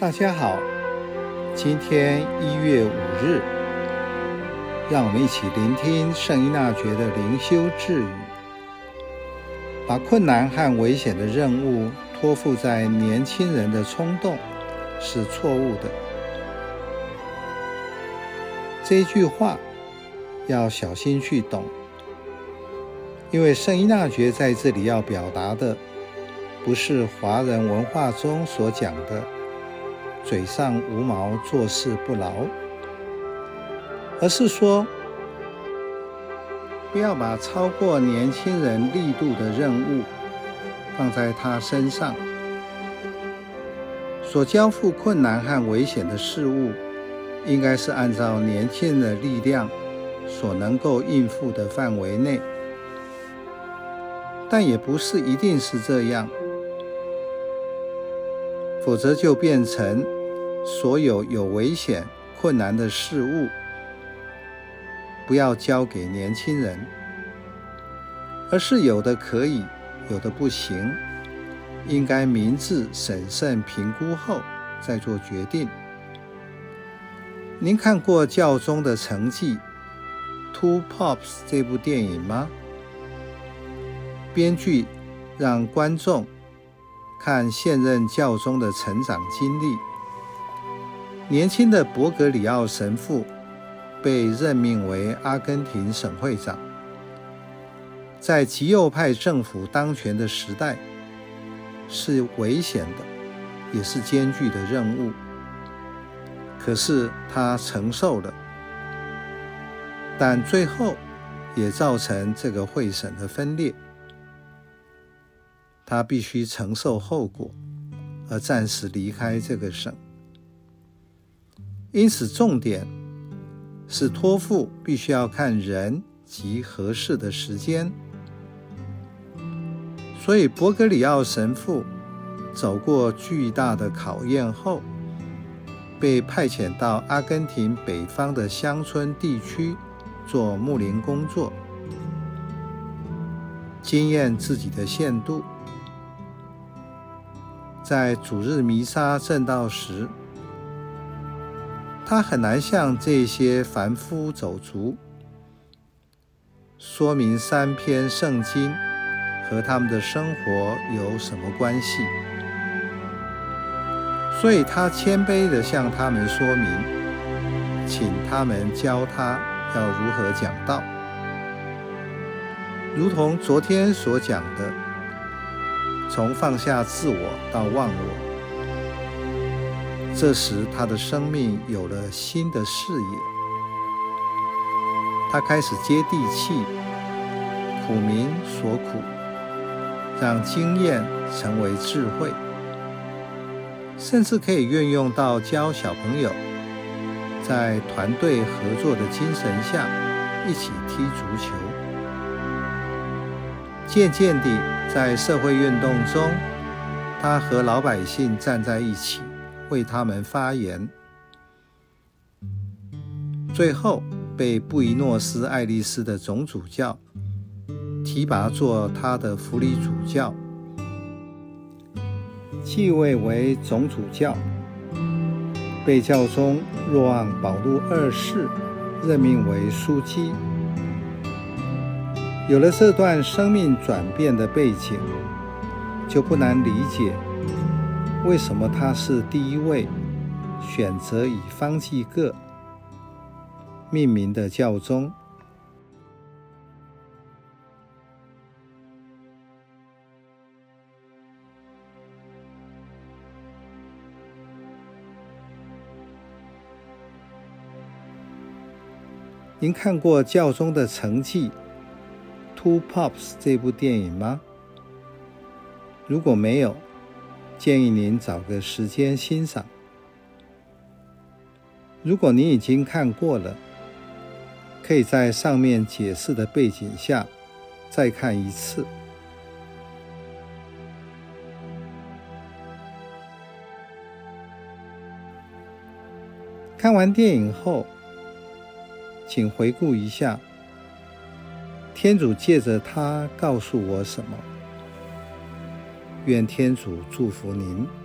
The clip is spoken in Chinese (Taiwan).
大家好，今天一月五日，讓我們一起聆聽聖依納爵的靈修智語。把困難和危險的任務托付在年輕人的衝動是錯誤的。這一句話要小心去懂，因為聖依納爵在這裡要表達的，不是華人文化中所講的。嘴上無毛，做事不牢，而是說，不要把超過年輕人力度的任務放在他身上。所交付困難和危險的事物，應該是按照年輕人的力量所能夠應付的範圍內，但也不是一定是這樣，否則就變成。所有有危險、困難的事物，不要交給年輕人，而是有的可以，有的不行，應該明智、審慎評估後再做決定。您看過教宗的承繼《Two Popes》這部電影嗎？編劇讓觀眾看現任教宗的成長經歷。年輕的伯格里奧神父被任命為阿根廷省會長，在極右派政府當權的時代，是危險的，也是艱巨的任務。可是他承受了，但最後也造成這個會省的分裂。他必須承受後果，而暫時離開這個省。因此，重點是託付必須要看人及合適的時間。所以，伯格里奧神父走過巨大的考驗後，被派遣到阿根廷北方的鄉村地區做牧靈工作，經驗自己的限度。在主日彌撒證道時。他很難向這些凡夫走卒說明三篇聖經和他們的生活有什麼關係，所以他謙卑地向他們說明，請他們教他要如何講道，如同昨天所講的，從放下自我到忘我。這時，他的生命有了新的視野。他開始接地氣，苦民所苦，讓經驗成為智慧，甚至可以運用到教小朋友，在團隊合作的精神下一起踢足球。漸漸地，在社會運動中，他和老百姓站在一起。為他們發言，最後被布宜諾斯艾利斯的總主教提拔做他的輔理主教，繼位為總主教，被教宗若望保祿二世任命為樞機。有了這段生命轉變的背景，就不難理解。為什麼他是第一位選擇以方濟各命名的教宗？您看過教宗的承繼《Two Popes》這部電影嗎？如果沒有。建議您找個時間欣賞。如果您已經看過了，可以在上面解釋的背景下再看一次。看完電影後，請回顧一下，天主借着他告訴我什麼？願天主祝福您。